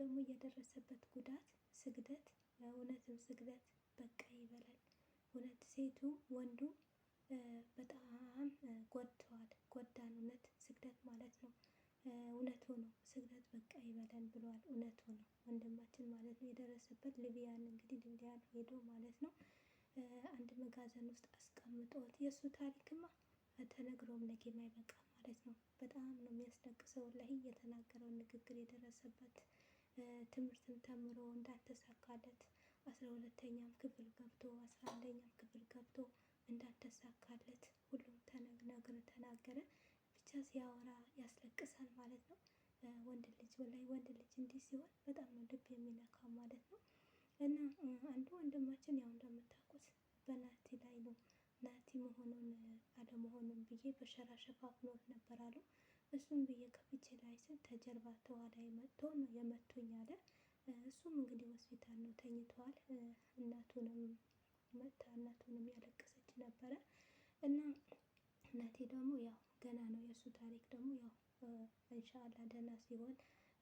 ደግሞ የደረሰበት ጉዳት ስግደት እውነትም ስግደት በቃ ይበላል። እውነት ሴቱ ወንዱ በጣም ጎድተዋል። ጎዳን እውነት ስግደት ማለት ነው። እውነት ሆኖ ስግደት በቃ ይበላል ብለዋል። እውነት ሆኖ ወንድማችን ማለት ነው የደረሰበት ልብያን እንግዲህ ልብያን ሄዶ ማለት ነው አንድ መጋዘን ውስጥ አስቀምጦት የእሱ ታሪክማ ተነግሮም ለጌማ አይበቃም ማለት ነው። በጣም ነው የሚያስለቅሰው ላይ የተናገረው ንግግር የደረሰበት ትምህርትን ተምሮ እንዳልተሳካለት አስራ ሁለተኛም ክፍል ገብቶ አስራ አንደኛም ክፍል ገብቶ እንዳልተሳካለት ሁሉም ነገር ተናገረ። ብቻ ሲያወራ ያስለቅሳል ማለት ነው። ወንድ ልጅ ላይ ወንድ ልጅ እንዲህ ሲሆን በጣም ነው ልብ የሚነካው ማለት ነው። እና አንዱ ወንድማችን ያው እንደምታውቁት በናቲ ላይ ነው ናቲ መሆኑን አለመሆኑን ብዬ በሸራ ሸፋፍኖት ነበረ እሱም ብዬ ከፍቼ ላይ ስል ተጀርባ ተዋዳይ መጥቶ ነው የመቶኝ አለ። እሱም እንግዲህ ሆስፒታል ነው ተኝተዋል። እናቱንም መታ እናቱንም ያለቀሰች ነበረ እና እናቴ ደግሞ ያው ገና ነው የእሱ ታሪክ ደግሞ ያው እንሻላ ደህና ሲሆን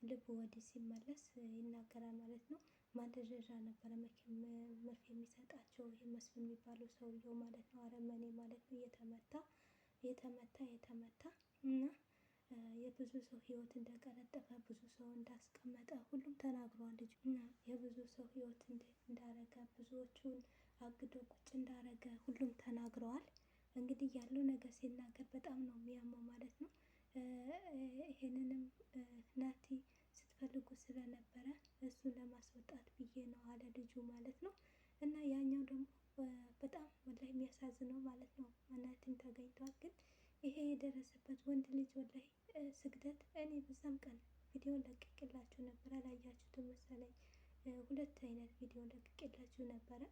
ልብ ወዲህ ሲመለስ ይናገራል ማለት ነው። ማደንዘዣ ነበረ መርፌ የሚሰጣቸው ይሄ መስፍን የሚባለው ሰውዬው ማለት ነው። አረመኔ ማለት ነው። እየተመታ እየተመታ እየተመታ እና የብዙ ሰው ህይወት እንደቀለጠፈ ብዙ ሰው እንዳስቀመጠ ሁሉም ተናግሯል። ልጁ እና የብዙ ሰው ህይወት እንዴት እንዳረገ ብዙዎቹን አግዶ ቁጭ እንዳረገ ሁሉም ተናግረዋል። እንግዲህ ያለው ነገር ሲናገር በጣም ነው የሚያመው ማለት ነው። ይሄንንም ናቲ ስትፈልጉ ስለነበረ እሱን ለማስወጣት ብዬ ነው አለ ልጁ ማለት ነው። እና ያኛው ደግሞ በጣም ወላሂ የሚያሳዝነው ማለት ነው ናቲም ተገኝቷል ግን ይሄ የደረሰበት ወንድ ልጅ ወላሂ ስግደት እኔ በዛም ቀን ቪዲዮ ለቅቄላችሁ ነበር። አላያችሁትም መሰለኝ። ሁለት አይነት ቪዲዮ ለቅቄላችሁ ነበረ።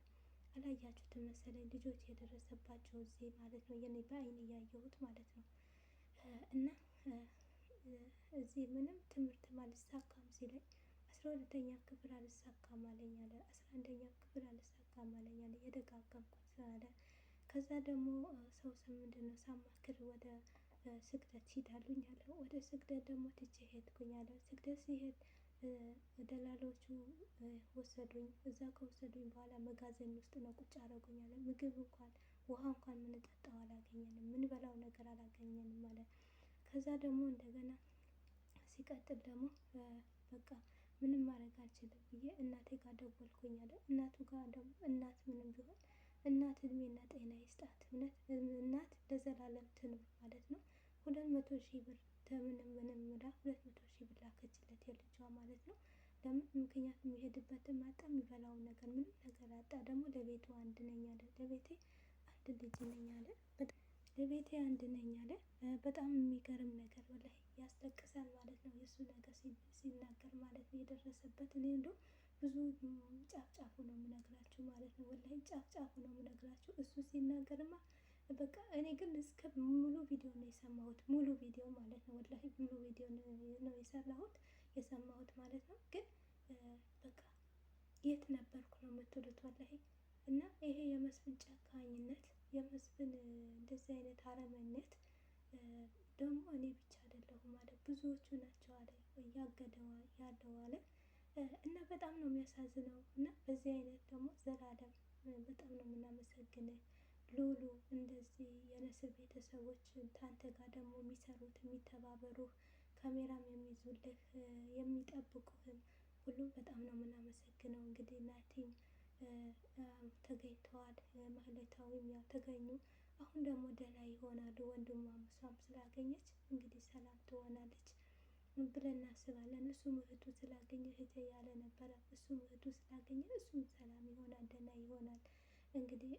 አላያችሁትም መሰለኝ። ልጆች የደረሰባቸው እዚህ ማለት ነው። የኔ በአይን እያየሁት ማለት ነው። እና እዚህ ምንም ትምህርትም አልሳካም ሲለኝ አስራ ሁለተኛ ክፍል አልሳካም አለኝ አለ። አስራ አንደኛ ክፍል አልሳካም አለኝ አለ። የደጋገምኩት አለ። ከዛ ደግሞ ሰው ስም ምንድን ነው ሳማክር ወደ ስግደት ሂዳሉኝ አለ። ወደ ስግደት ደግሞ ትቼ ሄድኩኝ አለ። ስግደት ሲሄድ ደላሎቹ ወሰዱኝ። እዛ ከወሰዱኝ በኋላ መጋዘን ውስጥ ነው ቁጭ አደረጉኝ አለ። ምግብ እንኳን ውሃ እንኳን ምንጠጣው አላገኘንም፣ ምንበላው ነገር አላገኘንም ማለት ከዛ ደግሞ እንደገና ሲቀጥል ደግሞ በቃ ምንም ማድረግ አልችልም ብዬ እናቴ ጋር ደወልኩኝ አለ። እናቱ ጋር ደግሞ እናት ምንም ቢሆን እናት እድሜና ጤና ይስጣት። እውነት እናት ለዘላለም ትኑር ማለት ነው። ሁለት መቶ ሺህ ብር ከምንም ምንም ብላ ሁለት መቶ ሺህ ብር ላከችለት የልጇ ማለት ነው። ለምን ምክንያት የሚሄድበትን አጣ፣ የሚበላውን ነገር ምንም ነገር አጣ። ደግሞ ለቤቱ አንድ ነኝ አለ። ለቤቴ አንድ ልጅ ነኝ አለ። ለቤቴ አንድ ነኝ አለ። በጣም የሚገርም ነገር ወላሂ ያስለቅሳል ማለት ነው። የእሱ ነገር ሲናገር ማለት ነው የደረሰበት እኔ እንደው ብዙ ጫፍ ማለት ነው። ወላሂ ጫፍ ጫፍ ነው የምነግራችሁ። እሱ ሲናገርማ በቃ እኔ ግን እስከ ሙሉ ቪዲዮ ነው የሰማሁት። ሙሉ ቪዲዮ ማለት ነው። ወላሂ ሙሉ ቪዲዮ ነው የሰራሁት የሰማሁት ማለት ነው። ግን በቃ የት ነበርኩ ነው የምትሉት ወላሂ። እና ይሄ የመስፍን ጨካኝነት፣ የመስፍን እንደዚህ አይነት አረመኔነት ደግሞ እኔ ብቻ አይደለሁም ማለት ብዙዎቹ ናቸው አለ እያገደዋል ያለው አለ እና በጣም ነው የሚያሳዝነው እና በዚህ አይነት ደግሞ ዘላለም በጣም ነው የምናመሰግንህ። ሉሉ እንደዚህ የንስር ቤተሰቦች ከአንተ ጋር ደግሞ የሚሰሩት የሚተባበሩህ፣ ካሜራም የሚይዙልህ የሚጠብቁህም ሁሉም በጣም ነው የምናመሰግነው። እንግዲህ ናቲም ተገኝተዋል፣ ማህሌታዊም ያው ተገኙ። አሁን ደግሞ ደህና ይሆናሉ። ወንድሟም እሷም ስላገኘች እንግዲህ ሰላም ትሆናለች። ብለን እናስባለን። እሱም እህቱ ስላገኘ እህቴ ያለ ነበረ። እሱም እህቱ ስላገኘ እሱም ሰላም ይሆናል፣ ደህና ይሆናል። እንግዲህ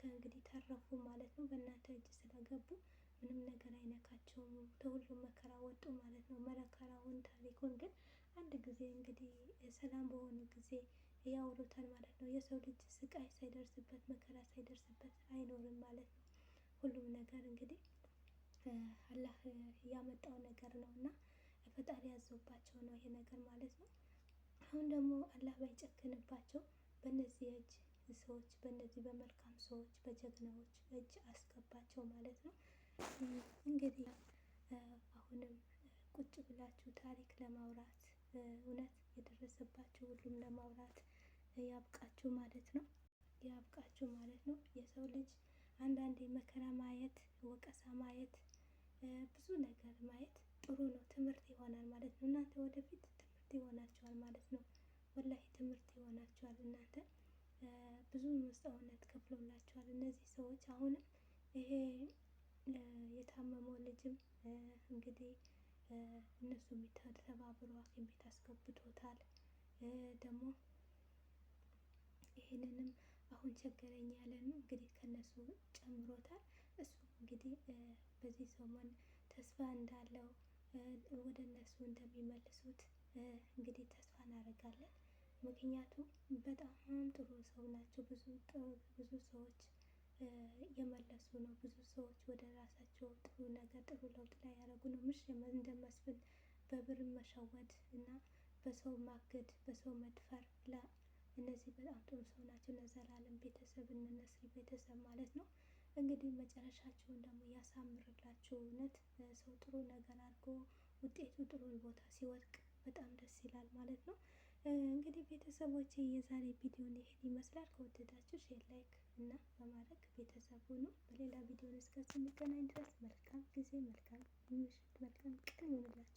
ከእንግዲህ ተረፉ ማለት ነው። በእናንተ እጅ ስለገቡ ምንም ነገር አይነካቸውም። ከሁሉም መከራ ወጡ ማለት ነው። መከራውን ታሪኩን ግን አንድ ጊዜ እንግዲህ ሰላም በሆኑ ጊዜ ያወሩታል ማለት ነው። የሰው ልጅ ስቃይ ሳይደርስበት መከራ ሳይደርስበት አይኖርም ማለት ነው። ሁሉም ነገር እንግዲህ አላህ ያመጣው ነገር ነው እና ፈጣሪ ያዘባቸው ነው ይሄ ነገር ማለት ነው። አሁን ደግሞ አላህ ባይጨክንባቸው በእነዚህ እጅ ሰዎች በእነዚህ በመልካም ሰዎች በጀግናዎች እጅ አስገባቸው ማለት ነው። እንግዲህ አሁንም ቁጭ ብላችሁ ታሪክ ለማውራት እውነት የደረሰባችሁ ሁሉም ለማውራት ያብቃችሁ ማለት ነው። ያብቃችሁ ማለት ነው። የሰው ልጅ አንዳንዴ መከራ ማየት፣ ወቀሳ ማየት ብዙ ነገር ማየት ጥሩ ነው። ትምህርት ይሆናል ማለት ነው። እናንተ ወደፊት ትምህርት ይሆናችኋል ማለት ነው። ወላሂ ትምህርት ይሆናችኋል። እናንተ ብዙ መስዋዕትነት ከፍሎላቸዋል እነዚህ ሰዎች። አሁንም ይሄ የታመመው ልጅም እንግዲህ እነሱ ተባብሮ ሐኪም ቤት አስገብቶታል። ደግሞ ይህንንም አሁን ቸገረኝ ያለን እንግዲህ ከነሱ ጨምሮታል። እሱ እንግዲህ በዚህ ሰሞን ተስፋ እንዳለው ወደ እነሱ እንደሚመልሱት እንግዲህ ተስፋ እናደርጋለን። ምክንያቱም በጣም ጥሩ ሰው ናቸው። ብዙ ሰዎች የመለሱ ነው። ብዙ ሰዎች ወደ ራሳቸው ጥሩ ነገር ጥሩ ለውጥ ላይ ያደረጉ ነው። ምሽ እንደመስፍን በብር መሸወድ እና በሰው ማገድ፣ በሰው መድፈር ለእነዚህ እነዚህ በጣም ጥሩ ሰው ናቸው። ለዘላለም ቤተሰብ እነሱ ቤተሰብ ማለት ነው። እንግዲህ መጨረሻቸውን ደግሞ ያሳምርላቸው እውነት ሰው ጥሩ ነገር አድርጎ ውጤቱ ጥሩ ቦታ ሲወድቅ በጣም ደስ ይላል ማለት ነው። እንግዲህ ቤተሰቦች የዛሬ ቪዲዮ ይህን ይመስላል። ከወደዳችሁ ሼር፣ ላይክ እና በማድረግ ቤተሰብ ሁኑ። በሌላ ቪዲዮ እስከ የሚገናኝ ድረስ መልካም ጊዜ፣ መልካም ምሽት፣ መልካም ቀን ይሁንላችሁ።